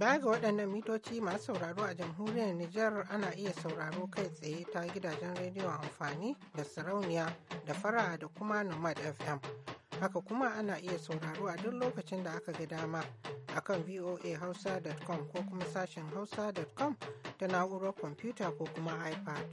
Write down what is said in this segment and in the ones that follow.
Baya ga waɗannan mitoci masu sauraro a jamhuriyar Nijar ana iya sauraro kai tsaye ta gidajen rediyo amfani da sarauniya da fara da kuma Nomad FM. Haka kuma ana iya sauraro a duk lokacin da aka ga dama akan voahausa.com ko kuma sashen hausa.com ta na'urar kwamfuta ko kuma iPad.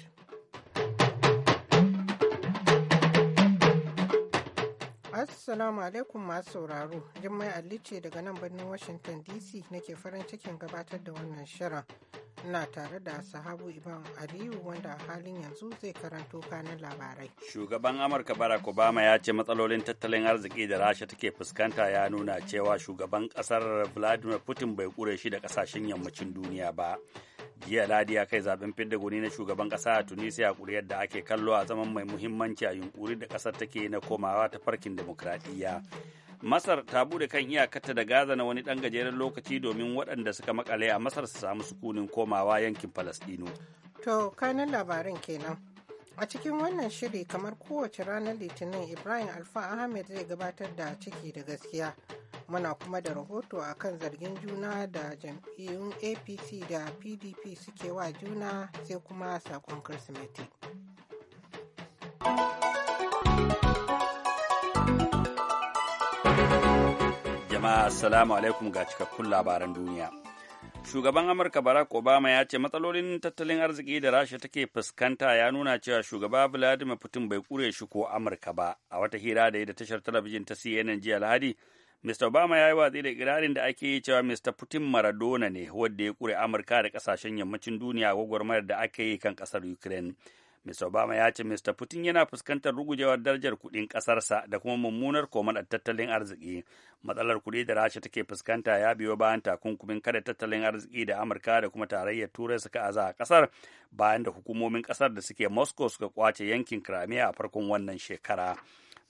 Assalamu alaikum masu sauraro, Jummai Ali ce daga nan birnin Washington DC nake farin cikin gabatar da wannan shirin. Ina tare da sahabu Iban Aliyu wanda a halin yanzu zai karanto kanin labarai. Shugaban Amurka Barack Obama ya ce matsalolin tattalin arziki da Rasha take fuskanta ya nuna cewa shugaban kasar Vladimir Putin bai kure shi da kasashen yammacin duniya ba. jiya ladi ya kai zaben fidda goni na shugaban kasa a tunisia kuriyar da ake kallo a zaman mai muhimmanci a yunkuri da kasar take na komawa ta farkin demokradiyya masar ta bude kan iyakarta da gaza na wani dan gajeren lokaci domin waɗanda suka makale a masar su samu sukunin komawa yankin falastinu to kanan labarin kenan a cikin wannan shiri kamar kowace ranar litinin ibrahim alfa ahmed zai gabatar da ciki da gaskiya muna kuma da rahoto a kan zargin juna da jam'iyyun apc da pdp suke wa juna sai kuma sakon kirsimeti jama'a assalamu alaikum ga cikakkun labaran duniya shugaban amurka barack obama ya ce matsalolin tattalin arziki da rasha take fuskanta ya nuna cewa shugaba vladimir putin bai kure shi ko amurka ba a wata hira da ya da tashar talabijin ta cnn jiya lahadi Mr. Obama ya yi watsi da ikirarin da ake yi cewa Mr. Putin Maradona ne wadda ya kure Amurka da kasashen yammacin duniya gwagwarmayar da aka yi kan ƙasar Ukraine. Mr. Obama ya ce Mr. Putin yana fuskantar rugujewar darajar kuɗin ƙasarsa da kuma mummunar komar tattalin arziki. Matsalar kuɗi da Rasha take fuskanta ya biyo bayan takunkumin kada tattalin arziki da Amurka da kuma tarayyar Turai suka aza a ƙasar bayan da hukumomin ƙasar da suke Moscow suka kwace yankin Crimea a farkon wannan shekara.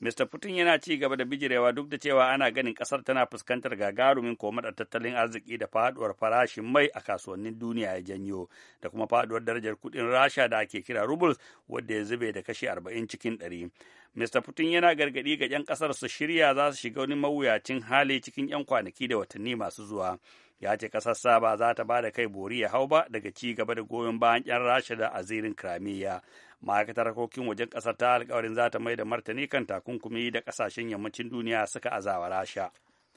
Mr. Putin yana ci gaba da bijirewa duk da cewa ana ganin ƙasar tana fuskantar gagarumin komadar tattalin arziki da faduwar farashin mai a kasuwannin duniya ya janyo da kuma faduwar darajar kudin Rasha da ake kira rubles wadda ya zube da kashi arba'in cikin 100. Mr. Putin yana gargadi ga 'yan kasar su shirya za su shiga wani mawuyacin hali cikin 'yan kwanaki da watanni masu zuwa. ya ce ƙasarsa saba za ta ba da kai bori ya hau ba daga ci gaba da goyon bayan 'yan rasha da azirin kramiya ma'aikatar harkokin wajen ƙasar ta alkawarin za ta mai da martani kan takunkumi da ƙasashen yammacin duniya suka azawa rasha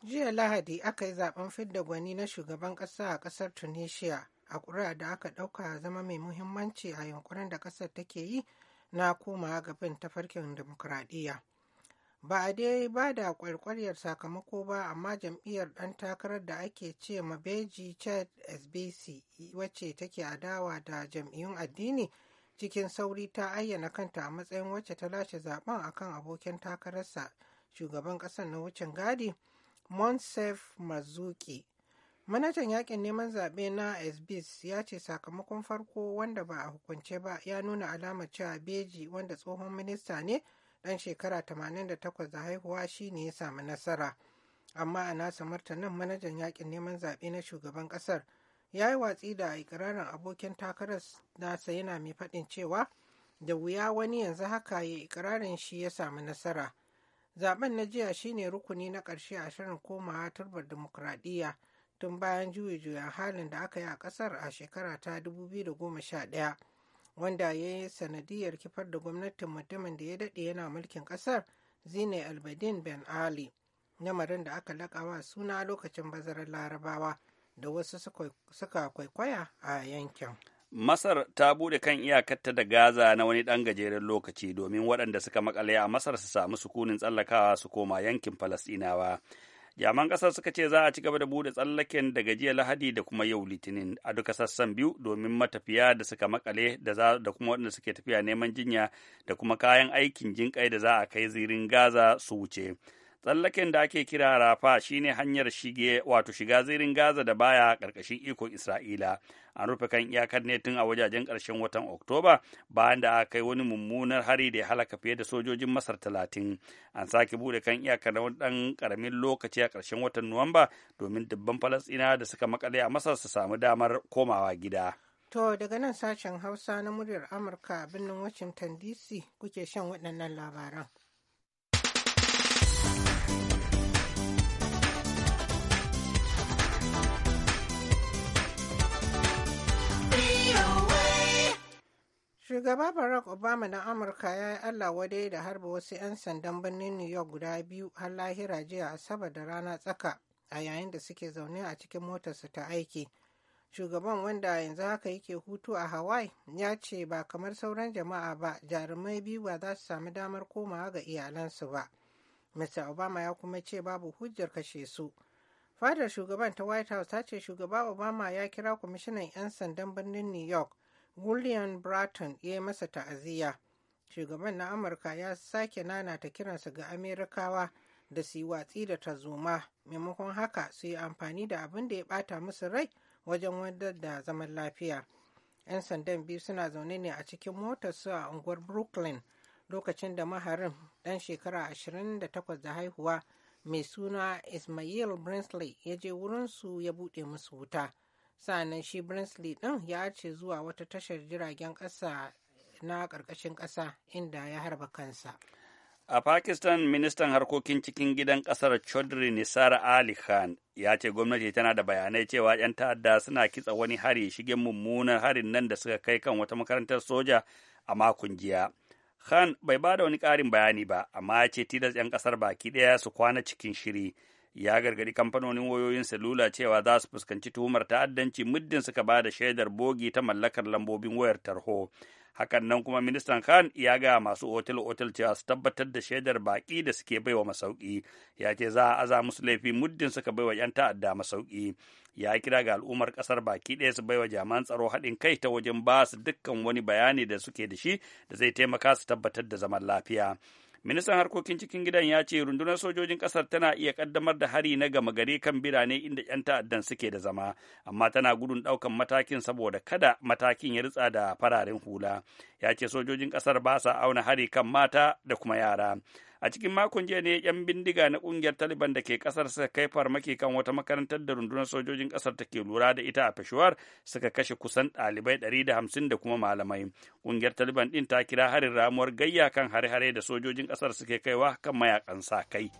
jiya lahadi aka yi zaben fidda gwani na shugaban ƙasa a ƙasar tunisia a ƙuri'a da aka ɗauka zama mai muhimmanci a yunkurin da ƙasar take yi na komawa gaban tafarkin dimokuraɗiyya ba a dai ba da kwarkwariyar sakamako ba amma jam'iyyar ɗan takarar da ake ce ma beji chad sbc wacce take adawa da jam'iyyun addini cikin sauri ta ayyana kanta a matsayin wacce ta lashe zaben kan abokin takararsa shugaban ƙasar na wucin gadi monsef mazuki manajan yakin neman zaɓe na sbs ya ce sakamakon farko wanda ba a hukunce ba ya nuna alamar cewa beji wanda tsohon minista ne ɗan shekara 88 da haihuwa shi ne ya samu nasara. Amma a nasa martanin manajan yakin neman zaɓe na shugaban ƙasar ya yi watsi da ikirarin abokin takarar nasa yana mai faɗin cewa da wuya wani yanzu haka ya ikirarin shi ya samu nasara. Zaben na jiya shine rukuni na ƙarshe a shirin komawa turbar dimokuraɗiyya tun bayan juya juya halin da aka yi a ƙasar a shekara ta 2011. wanda ya yi sanadiyar kifar da gwamnatin mutumin da ya daɗe yana mulkin ƙasar zine albadin ben ali namarin da aka laƙawa suna lokacin bazarar larabawa da wasu suka kwaikwaya a yankin Masar ta bude kan iyakarta da Gaza na wani ɗan gajeren lokaci domin waɗanda suka makale a Masar su samu sukunin tsallakawa su koma yankin Falasɗinawa. jaman ƙasar suka ce za a ci gaba da buɗe tsallaken daga jiya lahadi da kuma yau litinin a duka sassan biyu domin matafiya da suka makale da kuma waɗanda suke tafiya neman jinya da kuma kayan aikin jinƙai da za a kai zirin gaza su wuce tsallaken da ake kira rafa shine hanyar shige wato shiga zirin gaza da baya ƙarƙashin ikon isra'ila an rufe kan iyakar ne tun a wajajen ƙarshen watan oktoba bayan da aka kai wani mummunar hari da ya halaka fiye da sojojin masar talatin an sake bude kan iyakar na ɗan ƙaramin lokaci a ƙarshen watan nuwamba domin dubban falasɗinawa da suka makale a masar su samu damar komawa gida To daga nan sashen Hausa na muryar Amurka birnin Washington DC kuke shan waɗannan labaran. Shugaba Barack Obama na Amurka ya yi Allah wadai da harba wasu 'yan sandan birnin New York guda biyu har lahira jiya Asabar da rana tsaka a yayin da suke zaune a cikin motarsa ta aiki. Shugaban wanda yanzu haka yake hutu a Hawaii ya ce ba kamar sauran jama'a ba jarumai biyu ba za su sami damar komawa ga iyalansu ba. Mr. Obama ya kuma ce babu hujjar kashe su. Fadar shugaban ta White House ta ce shugaba Obama ya kira kwamishinan 'yan sandan birnin New York William Bratton ya yi masa ta'aziyya. Shugaban na Amurka ya sake Nana ta kiransa ga Amerikawa da su yi watsi da tarzoma maimakon haka su yi amfani da abin da ya bata musu rai wajen wadar da zaman lafiya. 'Yan sandan biyu suna zaune ne a cikin motar su a unguwar Brooklyn lokacin da maharin ɗan shekara 28 da haihuwa mai suna Ismail Brinsley ya je wurinsu ya buɗe musu wuta. sa'annan shi brinsley din ya ce zuwa wata tashar jiragen kasa na karkashin kasa inda ya harba kansa a pakistan ministan harkokin cikin gidan kasar chaudhry nisar ali khan ya ce gwamnati tana da bayanai cewa 'yan ta'adda suna kitsa wani hari shigen mummunan harin nan da suka kai kan wata makarantar soja a makon jiya khan bai ba da wani karin bayani ba amma ya ce tilas 'yan kasar baki daya su kwana cikin shiri ya gargadi kamfanonin wayoyin salula cewa za su fuskanci tuhumar ta'addanci muddin suka ba da shaidar bogi ta mallakar lambobin wayar tarho hakan nan kuma ministan khan ya gaya masu otal-otal cewa su tabbatar da shaidar baƙi da suke baiwa masauki ya ce za a aza musu laifi muddin suka baiwa 'yan ta'adda masauki ya kira ga al'ummar ƙasar baki ɗaya su baiwa jami'an tsaro haɗin kai ta wajen ba su dukkan wani bayani da suke da shi da zai taimaka su tabbatar da zaman lafiya ministan harkokin cikin gidan ya ce rundunar sojojin ƙasar tana iya ƙaddamar da hari na gama gari kan birane inda 'yan ta'addan suke da zama amma tana gudun daukan matakin saboda kada matakin ya ritsa da fararen hula ya ce sojojin ƙasar ba sa auna hari kan mata da kuma yara a cikin makon jiya ne yan bindiga na kungiyar taliban da ke kasar suka kai farmaki kan wata makarantar da rundunar sojojin kasar ke lura da ita a peshawar suka kashe kusan ɗalibai 150 da kuma malamai kungiyar taliban din ta kira harin ramuwar gayya kan hare-hare da sojojin kasar suke kaiwa kan mayakan sa kai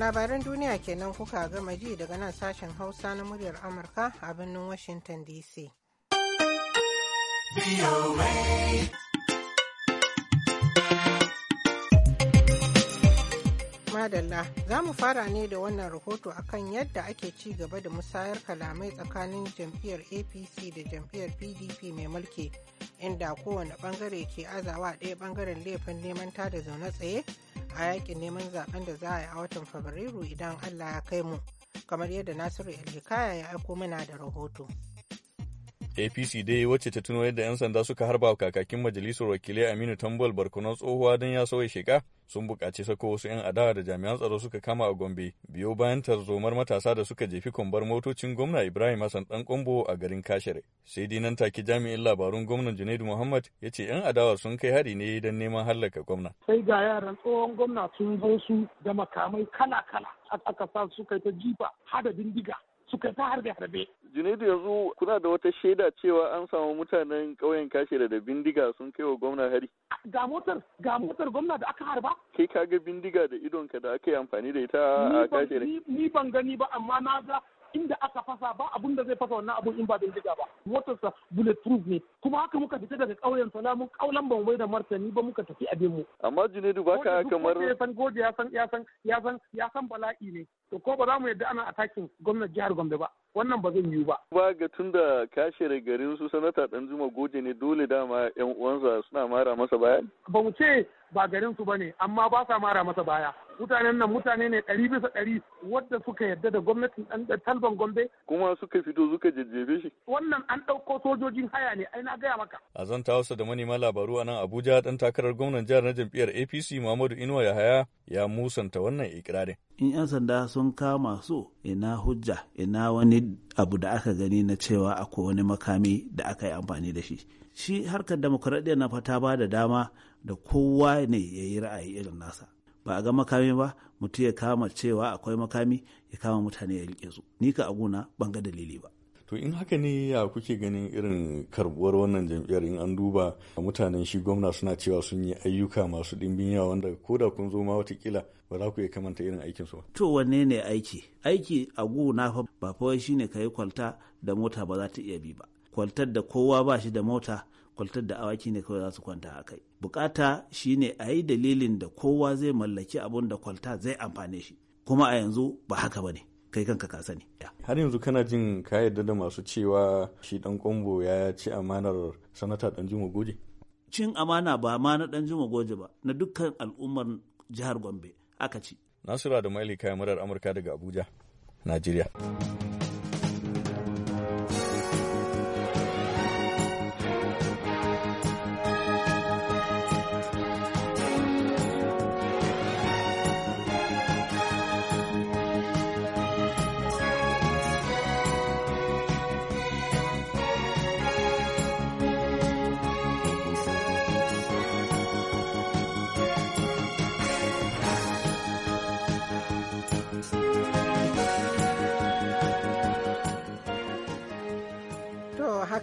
labaran duniya kenan kuka gama ji daga nan sashen hausa na muryar amurka a birnin washington dc madalla za mu fara ne da wannan rahoto akan yadda ake ci gaba da musayar kalamai tsakanin jam'iyyar apc da jam'iyyar pdp mai mulki inda kowane bangare ke azawa a ɗaya bangaren laifin neman tada zaune tsaye a yakin neman zaben da za a yi a watan fabrairu idan allah ya kai mu kamar yadda nasiru ilhikaya ya aiko mana da rahoto. apc dai wacce ta tuno yadda 'yan sanda suka harba kakakin majalisar wakilai aminu tambol barkunan tsohuwa don ya sauya sheka sun buƙaci sako wasu 'yan adawa da jami'an tsaro suka kama a gombe biyo bayan tarzomar matasa da suka jefi kwambar motocin gwamna ibrahim hassan dan kombo a garin kashere sai dai nan take jami'in labarun gwamnan junaidu muhammad ya ce 'yan adawa sun kai hari ne don neman hallaka gwamna sai ga yaran tsohon gwamna sun zo su da makamai kala kala aka sa suka ta jifa hada bindiga suka ta harbe harbe Junaidu yanzu kuna da wata shaida cewa an samu mutanen ƙauyen kashe da bindiga sun kai wa gwamna hari. Ga motar, ga motar gwamna da aka harba. Kai ka ga bindiga da idonka da aka yi amfani da ita a kashe Ni ban gani ba amma na ga inda aka fasa ba abun da zai fasa wannan abun in ba bindiga ba motarsa bulletproof ne kuma haka muka fita daga ƙauyen salamun ƙaulan ban wai da martani ba muka tafi abin mu amma junaidu ba ka kamar ya san gode ya san ya san ya san ya san bala'i ne to ko ba za mu yadda ana takin gwamnatin jihar gombe ba wannan ba zan yiwu ba. Ba ga tun da kashe garin su sanata ɗan zuma goje ne dole dama yan uwansa suna mara masa baya? Ba mu ce ba garin su ne, amma ba sa mara masa baya. mutanen nan mutane ne ɗari bisa ɗari wadda suka yadda da gwamnatin ɗan talban gombe kuma suka fito suka jajjebe shi wannan an ɗauko sojojin haya ne ai na gaya maka a zanta wasu da manema labaru a nan abuja ɗan takarar gwamnan jihar na jam'iyyar apc muhammadu inuwa haya ya musanta wannan ikirarin in 'yan sanda sun kama su ina hujja ina wani abu da aka gani na cewa akwai wani makami da aka yi amfani da shi shi harkar demokuraɗiyya na fata ba da dama da kowa ne ya yi ra'ayi irin nasa ba a ga makami ba mutum ya kama cewa akwai makami ya kama mutane ya rike su ni ka aguna ban ga dalili ba to in haka ne ya kuke ganin irin karbuwar wannan jam'iyyar in an duba mutanen shi gwamna suna cewa sun yi ayyuka masu dimbin yawa wanda ko da kun zo ma watakila ba za ku iya kamanta irin aikin su ba to wanne ne aiki aiki a gona fa ba fa shine kai kwalta da mota ba za ta iya bi ba kwaltar da kowa ba shi da mota kwaltar da awaki ne kawai za su kwanta a kai bukata shine a yi dalilin da kowa zai mallaki abun da kwalta zai amfane shi kuma a yanzu ba haka ba ne kai kanka ka sani har yanzu kana jin ka yarda da masu cewa shi dan kombo ya ci amanar sanata dan juma goje cin amana ba ma na dan juma goje ba na dukkan al'ummar jihar gombe aka ci nasira da kayan murar amurka daga abuja najeriya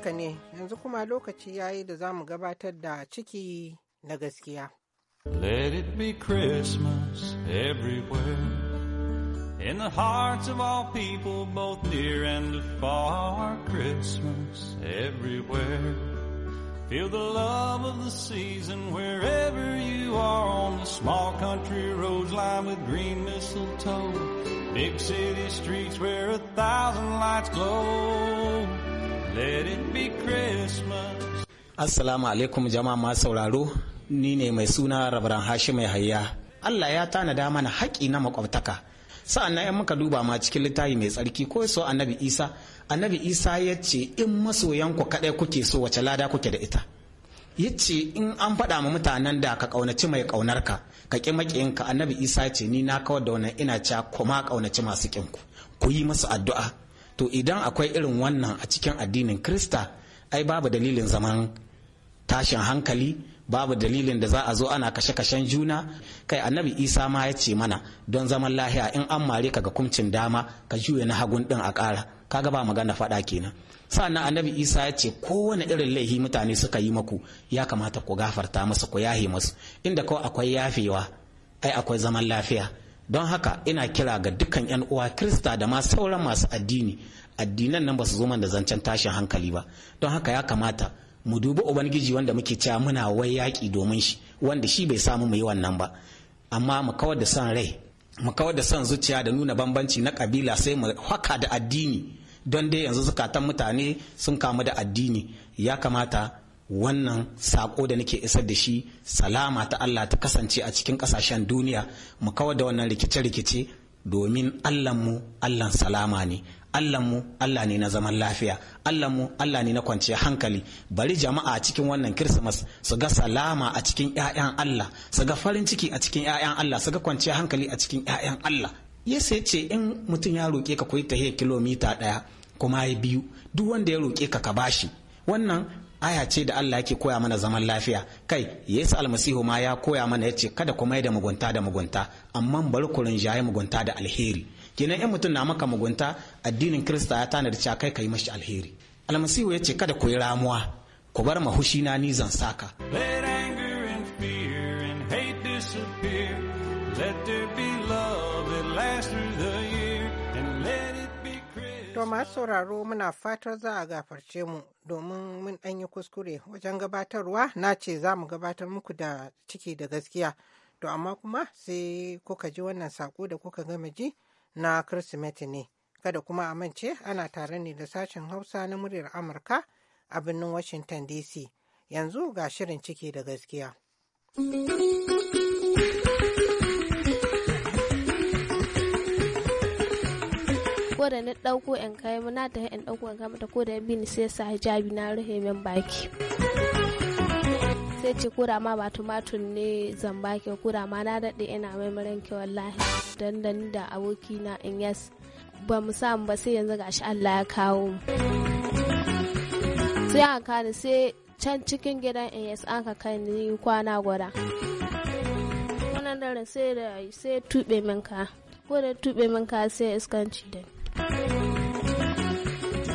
Haka ne, yanzu kuma lokaci ya yi da za mu gabatar da ciki na gaskiya. Let it be Christmas everywhere. In the hearts of all people, both near and far, Christmas everywhere. Feel the love of the season wherever you are on the small country roads lined with green mistletoe. Big city streets where a thousand lights glow. Assalamu alaikum jama'a masu sauraro, ni ne mai suna rabaran hashi mai hayya. Allah ya tanada mana haƙi na makwabtaka. Sa'an nan muka duba ma cikin littafi mai tsarki ko so annabi Isa, annabi Isa ya ce in masoyanku kaɗai kuke so wace lada kuke da ita. Ya ce in an faɗa ma mutanen da ka ƙaunaci mai ƙaunarka, ka ƙi maƙiyinka annabi Isa ce ni na kawar da wannan ina cewa kuma ƙaunaci masu ƙinku, ku yi masu addu'a. to idan akwai irin wannan a cikin addinin krista ai babu dalilin zaman tashin hankali babu dalilin da za a zo ana kashe-kashen juna kai annabi isa ma ya ce mana don zaman lahiya in an mare ka ga kumcin dama ka juya na hagun din a ƙara kaga ba magana faɗa kenan Sannan annabi isa ya ce kowane irin laihi mutane suka yi maku ya kamata ku gafarta masu ku yahe masu inda kawai akwai yafewa ai akwai zaman lafiya don haka ina kira ga dukkan 'yan uwa krista da ma sauran masu addini addinan nan ba su zo man da zancen tashin hankali ba don haka ya kamata mu dubi ubangiji wanda muke cewa muna wai yaƙi domin shi wanda shi bai samu mu yi wannan ba amma mu kawar da son rai mu kawar da son zuciya da nuna bambanci na kabila sai mu haka da addini don dai yanzu zukatan mutane sun kamu da addini ya kamata wannan sako da nake isar da shi salama ta Allah ta kasance a cikin kasashen duniya mu kawar da wannan rikice-rikice domin Allahnmu Allahn salama ne Allahnmu Allah ne na zaman lafiya Allahnmu Allah ne na kwanciyar hankali bari jama'a a cikin wannan Kirsimas su ga salama a cikin 'ya'yan Allah su ga farin ciki a cikin 'ya'yan Allah su ga kwanciyar hankali a cikin 'ya'yan Allah Yesu ya ce in mutum ya roƙe ka ta ta kilomita ɗaya kuma ya biyu duk wanda ya roƙe ka ka bashi wannan aya ce da Allah yake koya mana zaman lafiya kai Yesu almasihu ma ya koya mana ya ce kada ku mai da mugunta da mugunta amma bari ku rinjaye mugunta da alheri kenan in mutum na maka mugunta addinin Kirista ya tanadi cewa kai kai mashi alheri almasihu ya ce kada ku yi ramuwa ku bar mahushi na ni zan saka Let there be To masu sauraro muna fatar za a gafarce mu domin mun ɗan yi kuskure wajen gabatarwa na ce za mu gabatar muku da ciki da gaskiya. To amma kuma sai kuka ji wannan saƙo da kuka gama ji na Kirsimeti ne. Kada kuma a mance ana tare ne da sashen Hausa na muryar Amurka a birnin Washington DC. Yanzu ga shirin ciki da gaskiya. ko da na ɗauko in kai na ta in ɗauko in kai mata ko da bi ni sai sa hijabi na rufe min baki sai ce kura ma ba tumatun ne zamba ke kura ma na daɗe ina maimarin ke wallahi dandan da aboki na in yas ba mu samu ba sai yanzu gashi Allah ya kawo mu sai an kani sai can cikin gidan in yas an ka kai ni kwana gwada wannan daren sai da sai tube min ka ko da tuɓe min ka sai iskanci da ni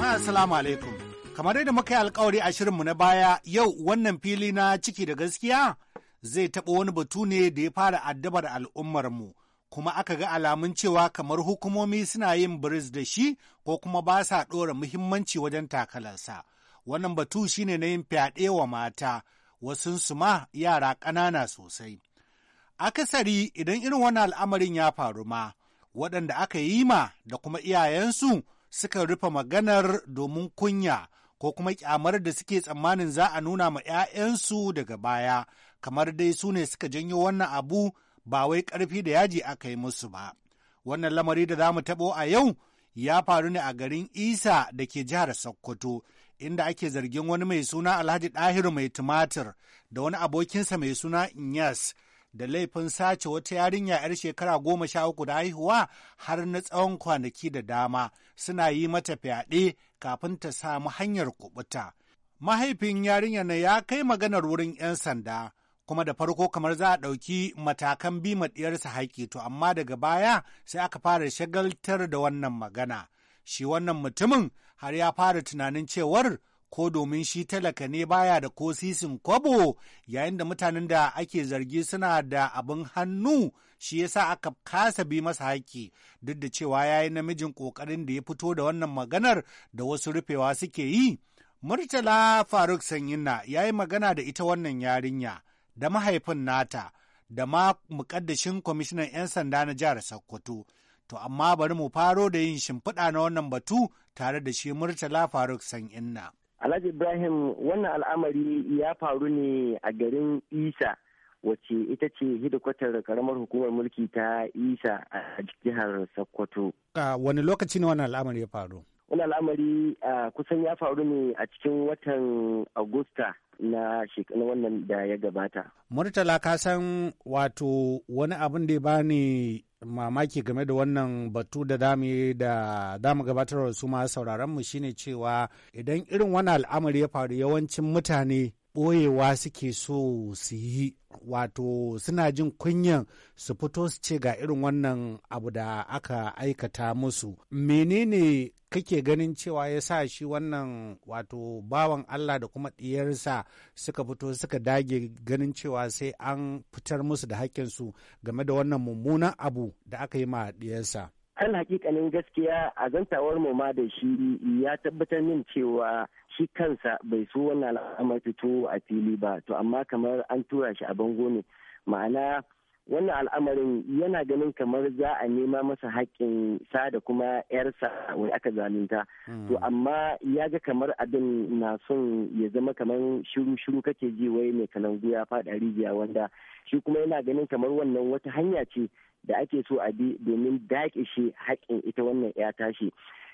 jama'a assalamu alaikum kamar yadda muka yi alkawari a shirinmu na baya yau wannan fili na ciki da gaskiya zai taɓa wani batu ne da ya fara addabar al'ummarmu kuma aka ga alamun cewa kamar hukumomi suna yin biris da shi ko kuma ba sa ɗora muhimmanci wajen takalarsa wannan batu shine na yin fyaɗe wa mata wasunsu ma yara ƙanana sosai akasari idan irin wani al'amarin ya faru ma waɗanda aka yi ma da kuma iyayensu suka rufe maganar domin kunya ko kuma kyamar da suke tsammanin za a nuna ma 'ya'yansu daga baya, kamar dai su ne suka janyo wannan abu ba wai karfi da yaji aka yi musu ba. Wannan lamari da za mu taɓo a yau ya faru ne a garin Isa da ke jihar Sokoto, inda ake zargin wani mai suna Alhaji Ɗahiru mai tumatir da wani abokinsa mai suna Inyas da laifin sace wata yarinya 'yar shekara goma sha uku da haihuwa har na tsawon kwanaki da dama suna yi mata fyaɗe kafin ta samu hanyar kubuta. Mahaifin yarinya na ya kai maganar wurin 'yan sanda, kuma da farko kamar za a ɗauki matakan bi ɗiyarsa haƙƙi to amma daga baya sai aka fara shagaltar da wannan magana. Shi wannan mutumin har ya fara tunanin cewar ko domin shi talaka ne baya da ko sisin kwabo yayin da mutanen da ake zargi suna da abin hannu shi yasa aka kasa bi masa haƙƙi duk da cewa ya yi namijin ƙoƙarin da ya fito da wannan maganar da wasu rufewa suke yi. Murtala Faruk Sanyinna ya yi magana da ita wannan yarinya da mahaifin nata da ma muƙaddashin kwamishinan 'yan sanda na jihar Sokoto. To amma bari mu faro da yin shimfiɗa na wannan batu tare da shi Murtala Faruk Sanyinna. Alhaji Ibrahim wannan al'amari ya faru ne a garin Isa wace ita ce hidikwatar karamar hukumar mulki ta Isa a jihar Sokoto. wani lokaci ne wannan al'amari ya faru? wani al'amari kusan ya faru ne a cikin watan agusta na wannan da ya gabata murtala ka san wato wani abin da ya bani mamaki game da wannan batu da dami da dama gabatarwa su ma sauraron mu shine cewa idan irin wani al'amari ya faru yawancin mutane boyewa suke so su yi wato suna jin kunyan su fito su ce ga irin wannan abu da aka aikata musu menene kake ganin cewa ya sa shi wannan wato bawan Allah da kuma ɗiyarsa suka fito suka dage ganin cewa sai an fitar musu da su game da wannan mummunan abu da aka yi ma ɗiyarsa. Kan hakikanin gaskiya a zantawar mu ma da shi ya tabbatar min cewa shi kansa bai so wannan al'amar fito a fili ba to amma kamar an tura shi a bango ne ma'ana wannan al'amarin yana ganin kamar za a nema masa haƙƙin sa da kuma 'yarsa wai aka zalunta hmm. to amma ya ga kamar abin na son ya zama kamar shiru-shiru kake ji wai mai kalanguya ya faɗa rijiya wanda shi kuma yana ganin kamar wannan wata hanya ce da ake so a bi domin daƙe shi haƙƙin ita wannan 'ya tashi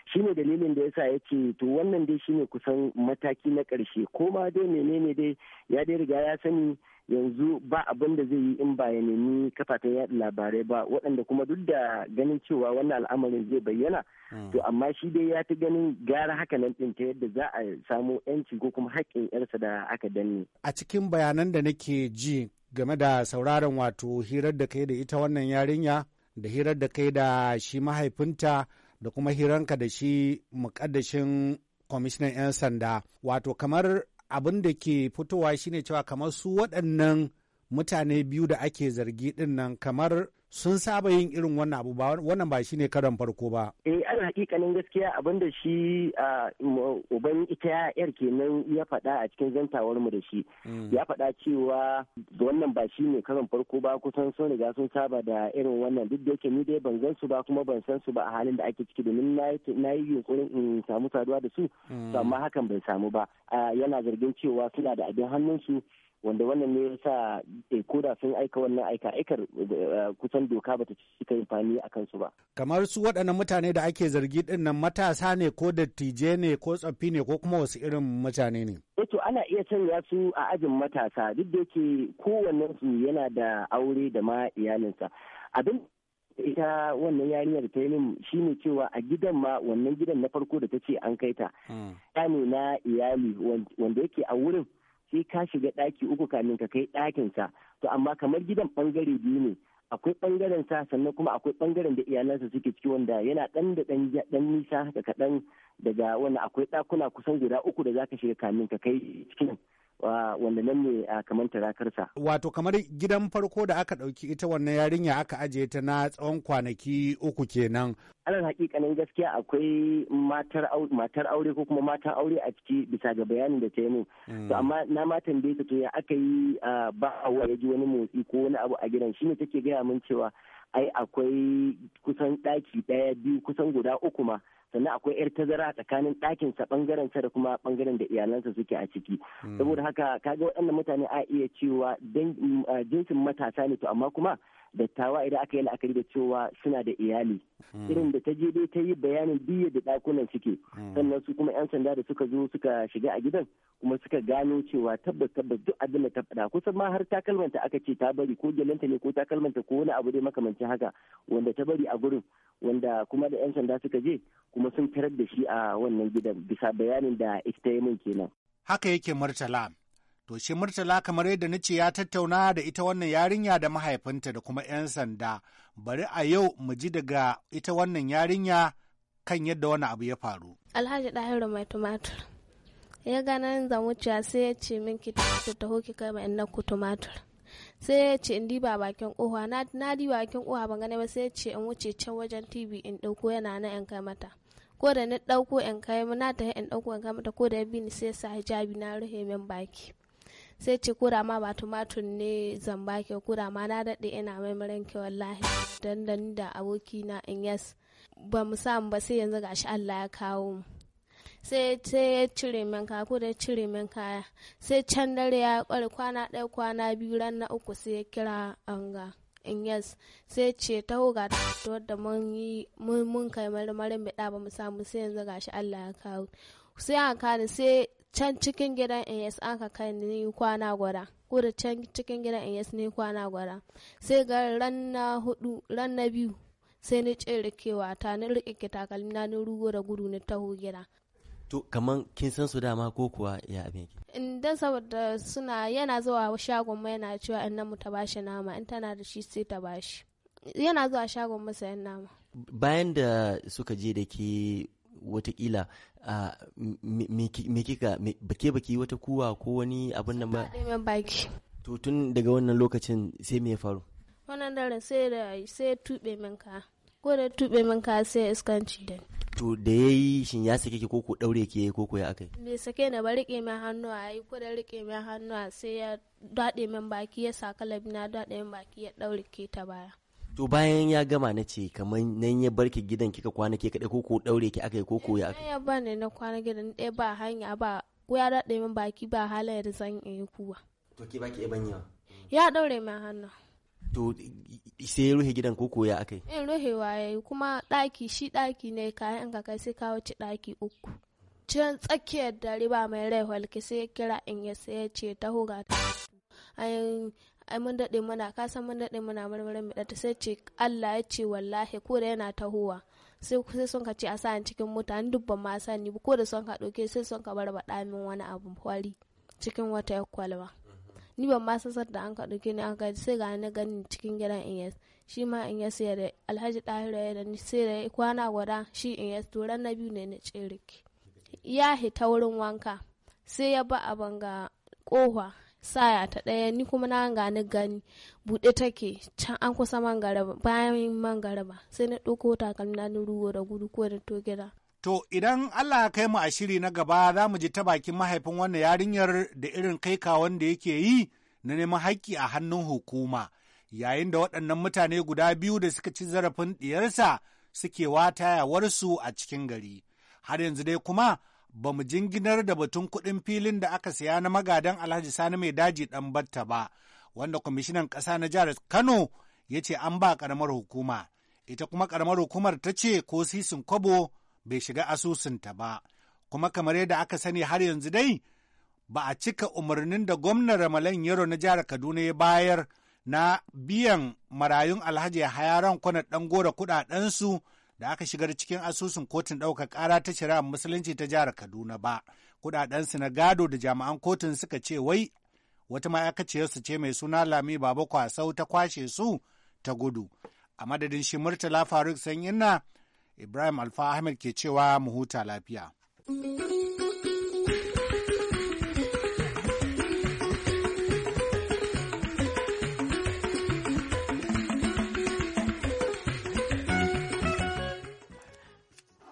shi ne dalilin da yasa yake to wannan dai shine kusan mataki na ƙarshe ko ma dai menene dai ya dai riga ya sani yanzu ba abin da zai yi in ba ya nemi kafafen yaɗa labarai ba waɗanda kuma duk da ganin cewa wannan al'amarin zai bayyana hmm. to amma shi dai ya fi ganin gara haka nan ɗin ta yadda za a samu yanci ko kuma haƙƙin yarsa da aka danne. a cikin bayanan da nake ji game da sauraron wato hirar da kai da ita wannan yarinya da hirar da kai da shi mahaifinta da kuma hiranka da shi mukaddashin kwamishinan 'yan sanda wato kamar abin da ke fitowa shine cewa kamar su waɗannan mutane biyu da ake zargi ɗin nan kamar sun saba yin irin wannan abu ba wannan ba shine karon farko ba eh ana hakikanin gaskiya abinda shi uban ita yar kenan ya faɗa a cikin zantawar mu da shi mm. ya faɗa cewa wannan ba shine karon farko ba kusan sun riga sun saba da irin wannan duk da yake ni dai ban gan ba kuma ban san su ba a halin da ake ciki domin na yi yunkurin in samu saduwa da su mm. amma hakan bai samu ba yana zargin cewa suna da abin hannun su wanda wannan ne yasa ko da sun aika wannan aika aikar eh, kusan doka bata cika amfani a kansu ba kamar su waɗannan mutane da ake zargi din nan matasa ne ko dattijai ne ko tsaffi ne ko kuma wasu irin mutane ne eh to ana iya sanya su a ajin matasa duk da yake kowannen yana da aure da ma iyalinsa abin ita wannan yarinyar ta yi min shine cewa a gidan ma wannan gidan na farko da ta ce an kai ta hmm. ya na iyali wanda yake a wurin sai ka shiga ɗaki uku kamin ka kai ɗakinsa to amma kamar gidan ɓangare biyu ne akwai ɓangaren sa sannan kuma akwai bangaren da iyalansa suke ciki wanda yana ɗan da ɗan nisa da kaɗan daga wannan akwai ɗakuna kusan guda uku da zaka shiga kamin ka kai cikin wanda nan ne a kamar tarakarsa. Wato kamar gidan farko da aka ɗauki ita wannan yarinya aka ajiye ta na tsawon kwanaki uku kenan. Alal hakikanin gaskiya akwai matar aure ko kuma matan aure a ciki bisa ga bayanin da ta yi mm. To amma na ma tambaye to ya aka yi ba ya ji wani motsi ko wani abu a gidan shine take gaya min cewa ai akwai kusan ɗaki ɗaya biyu kusan guda uku ma. sannan akwai yar tazara tsakanin ɗakin sa bangaren sa da kuma bangaren da iyalansa suke a ciki hmm. saboda haka kaga waɗannan mutane a iya cewa mm, jinsin matasa ne to amma kuma dattawa idan aka yi la'akari da cewa suna da iyali hmm. irin da ta je dai ta yi bayanin biyu da dakunan suke hmm. sannan su kuma 'yan sanda da suka zo suka shiga a gidan kuma suka gano cewa tabbas tabbas duk abin da ta faɗa kusan ma har takalmanta aka ce ta bari ko gelanta ne ko takalmanta ko wani abu dai makamancin haka wanda ta bari a gurin wanda kuma da 'yan sanda suka je kuma sun tarar da shi a wannan gidan bisa bayanin da ita yi min kenan. Haka yake Murtala. To shi Murtala kamar yadda na ce ya tattauna da ita wannan yarinya da mahaifinta da kuma 'yan sanda. Bari a yau mu ji daga ita wannan yarinya kan yadda wani abu ya faru. Alhaji Dahiru mai tumatur. Ya gana zan zamuciya sai ya ce min ki taho ki kai ma ina ku tumatur. sai ya ce in diba bakin kowa na diba bakin kowa ban gane ba sai ya ce in wuce can wajen tv in ɗauko yana na in kai mata ko da na ɗauko in kai mu na tafi in ɗauko in kai ko da ya bi ni sai sa hijabi na rufe min baki sai ce ko da ma ba tumatur ne zan baki ko da ma na daɗe ina mai maranke wallahi dan da ni aboki na in yes ba mu samu ba sai yanzu gashi Allah ya kawo mu sai ya cire min kaya ko da ya cire min kaya sai can dare ya kware kwana ɗaya kwana biyu ran na uku sai ya kira anga. in yes sai ce ta ga ta wadda mun mun kai marmarin bida ba mu samu sai yanzu gashi Allah ya kawo sai an kani sai can cikin gidan in yes an ka kai ni kwana gwada kuda can cikin gidan in yes ni kwana gwada sai ga ran na hudu ran na biyu sai ni tsirkewa ta ni rike takalmi na ni rugo da gudu ni taho gida to kaman kin san su dama ko kuwa ya abin ki dan saboda suna yana zuwa shagon mai yana cewa in namu ta bashi nama in tana da shi sai ta bashi yana zuwa shagon masa yan nama bayan da suka je da ke watakila me kika bake baki wata kuwa ko wani abin da ba baki to tun daga wannan lokacin sai me ya faru wannan daren sai da sai tube min ka ko da tube min ka sai iskanci da ni to da ya yi shin ya sake ki ku daure ki ku ya akai Me sake na ba rike min hannu a yi ko da rike min hannu a sai ya dade min baki ya saka labi na dade min baki ya daure ke ta baya to bayan ya gama na ce kamar nan ya ki gidan kika kwana ke kaɗai ku daure ki akai ku ya akai ya ba ne na kwana gidan ɗaya ba hanya ba ko ya dade min baki ba halayyar zan yi kuwa to ke baki iya banyewa ya daure min hannu to sai ya ruhe gidan koko ya yi. in eh, ruhe ya yi kuma ɗaki shi ɗaki ne kayan ka kai sai ka wuce ɗaki uku can tsakiyar dare ba mai rai walki sai ya kira in ya sai ya ce ta hura ai mun daɗe muna san mun daɗe muna marmarin mu ta sai ce Allah ya ce wallahi ko da yana tahowa sai sai son ka ce a sa cikin mutane dubban ma sani ko da son ka ɗauke sai son ka bar barbaɗa min wani abu kwari cikin wata kwalba. ni ban ma san da an ka dauke ni an ka sai ga na gani cikin gidan in shi ma in yas ya da alhaji ɗahira ya da ni sai da kwana gwada shi in yas to ran na biyu ne na ciriki ya hita wurin wanka sai ya ba a banga kofa saya ta ɗaya ni kuma na gani gani buɗe take can an kusa mangaraba bayan mangaraba sai na ɗauko takalmi na ruwa da gudu ko da to gida To idan Allah kai mu a shiri na gaba za mu ji ta bakin mahaifin wannan yarinyar da irin kai da yake yi na neman haƙƙi a hannun hukuma. Yayin da waɗannan mutane guda biyu da suka ci zarafin ɗiyarsa suke watayawarsu a cikin gari. Har yanzu dai kuma ba mu jinginar da batun kuɗin filin da aka saya na magadan Alhaji Sani mai daji ɗan batta ba, wanda kwamishinan ƙasa na jihar Kano ya ce an ba ƙaramar hukuma. Ita kuma ƙaramar hukumar ta ce ko sisin kwabo bai shiga asusunta ba, kuma kamar yadda aka sani har yanzu dai ba a cika umarnin da gwamnan Ramalan Yaro na jihar Kaduna ya bayar na biyan marayun alhaji hayaran kwanar ɗan gora kuɗaɗensu da aka shigar cikin asusun kotun ɗaukar ƙara ta shari'ar musulunci ta jihar Kaduna ba. Kuɗaɗensu na gado da jami'an kotun suka ce wai wata ma'aikaciyarsu ce mai suna Lami Baba Kwasau ta kwashe su ta gudu. A madadin shi Murtala Faruk Sanyinna Ibrahim Alfa Ahmed ke cewa mu huta lafiya.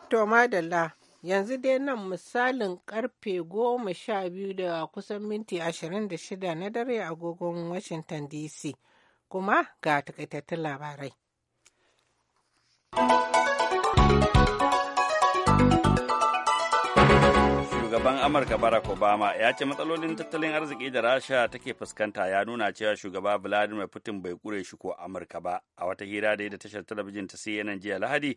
To madalla yanzu dai nan misalin karfe goma sha biyu da kusan minti ashirin da shida na dare agogon Washington DC kuma ga takaitattun labarai. shugaban amurka barack obama ya ce matsalolin tattalin arziki da rasha take fuskanta ya nuna cewa shugaba vladimir putin bai kure shi ko amurka ba a wata hira da ya da tashar talabijin ta cnn jiya lahadi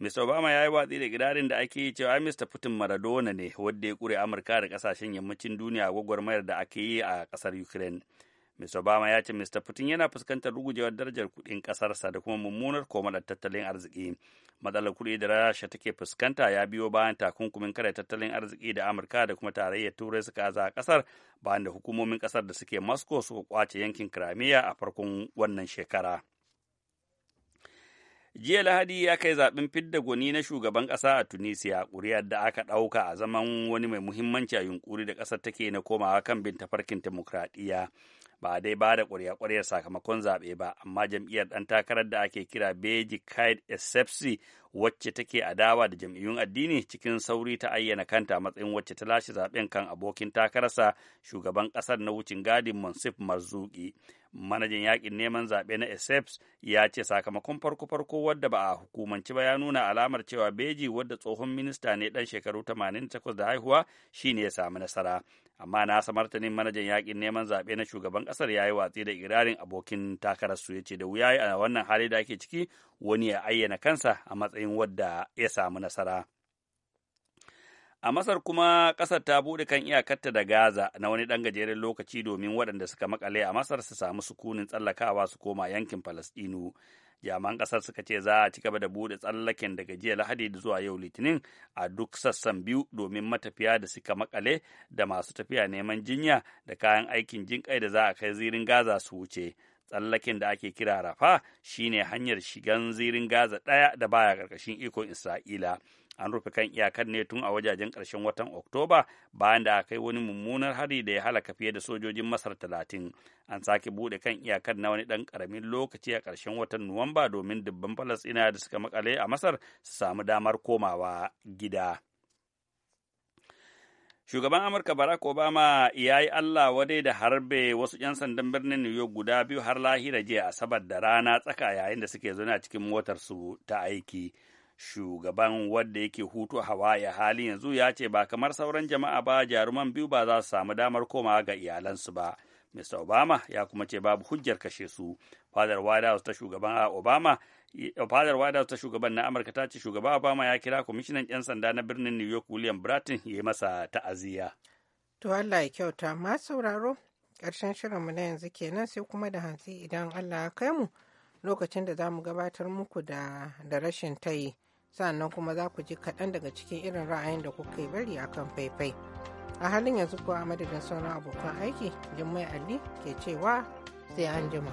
Mr. Obama ya yi watsi da gidarin da ake yi cewa Mr. Putin Maradona ne wadda ya kure Amurka da kasashen yammacin duniya gwagwarmayar da ake yi a kasar Ukraine. Mr. Obama ya ce Mr. Putin yana fuskantar rugujewar darajar kudin kasarsa da kuma mummunar da tattalin arziki. Matsalar kuɗi da Rasha take fuskanta ya biyo bayan takunkumin kare tattalin arziki da Amurka da kuma tarayyar Turai suka aza a kasar bayan da hukumomin kasar da suke Moscow suka kwace yankin Crimea a farkon wannan shekara. jiya lahadi ya kai zaben fidda gwani na shugaban kasa a tunisia kuri'ar da aka ɗauka a zaman wani mai muhimmanci a yunkuri da ƙasar take na komawa kan bin tafarkin demokradiyya ba a dai ba da ƙwarya-ƙwaryar sakamakon zaɓe ba amma jam'iyyar ɗan takarar da ake kira beji kide wacce take adawa da jam'iyyun addini cikin sauri ta ayyana kanta matsayin wacce ta lashe zaben kan abokin takararsa shugaban kasar na wucin gadin Mansif Marzuki. Manajan yakin neman zaɓe na sfs ya ce sakamakon farko-farko wadda ba a hukumanci ba ya nuna alamar cewa Beji wadda tsohon minista ne dan shekaru 88 da haihuwa shine ya samu nasara. Amma na samartanin manajan yakin neman zaɓe na shugaban ƙasar ya yi watsi da irarin abokin takararsu ya ce da wuya a wannan hali da ake ciki wani ya ayyana kansa a matsayin wadda ya samu nasara a masar kuma ƙasar ta buɗe kan iyakarta da gaza na wani ɗan gajeren lokaci domin waɗanda suka makale a masar su samu sukunin tsallakawa su koma yankin falasɗinu jami'an ƙasar suka ce za a ci gaba da buɗe tsallaken daga jiya lahadi zuwa yau litinin a duk sassan biyu domin matafiya da suka makale da masu tafiya neman jinya da kayan aikin jinƙai da za a kai zirin gaza su wuce tsallaken da ake kira rafa shine hanyar shigan zirin gaza ɗaya da baya ƙarƙashin ikon isra'ila an rufe kan iyakar ne tun a wajajen ƙarshen watan oktoba bayan da aka kai wani mummunar hari da ya halaka fiye da sojojin masar talatin an sake buɗe kan iyakar na wani ɗan ƙaramin lokaci a ƙarshen watan nuwamba domin dubban falastina da suka makale a masar su samu damar komawa gida. Shugaban Amurka Barack Obama ya yi Allah wadai da harbe wasu 'yan sandan birnin New York guda biyu har lahira jiya Asabar da rana tsaka yayin da suke zaune a cikin motarsu ta aiki. Shugaban wadda yake hutu ya Hali yanzu ya ce ba kamar sauran jama'a ba jaruman biyu ba za su samu damar koma ga iyalansu ba. Mr. Obama ya kuma ce babu hujjar kashe su. Fadar White House ta shugaban Obama fadar white ta shugaban na amurka ta ce shugaba obama ya kira kwamishinan 'yan sanda na birnin new york william bratton ya yi masa ta'aziyya to allah ya kyauta ma sauraro ƙarshen shirinmu na yanzu kenan sai kuma da hantsi idan allah ya kai mu lokacin da za mu gabatar muku da rashin tayi sannan kuma za ku ji kaɗan daga cikin irin ra'ayin da kuka yi bari akan faifai a halin yanzu kuwa a madadin sauran abokan aiki jimmai ali ke cewa sai an jima.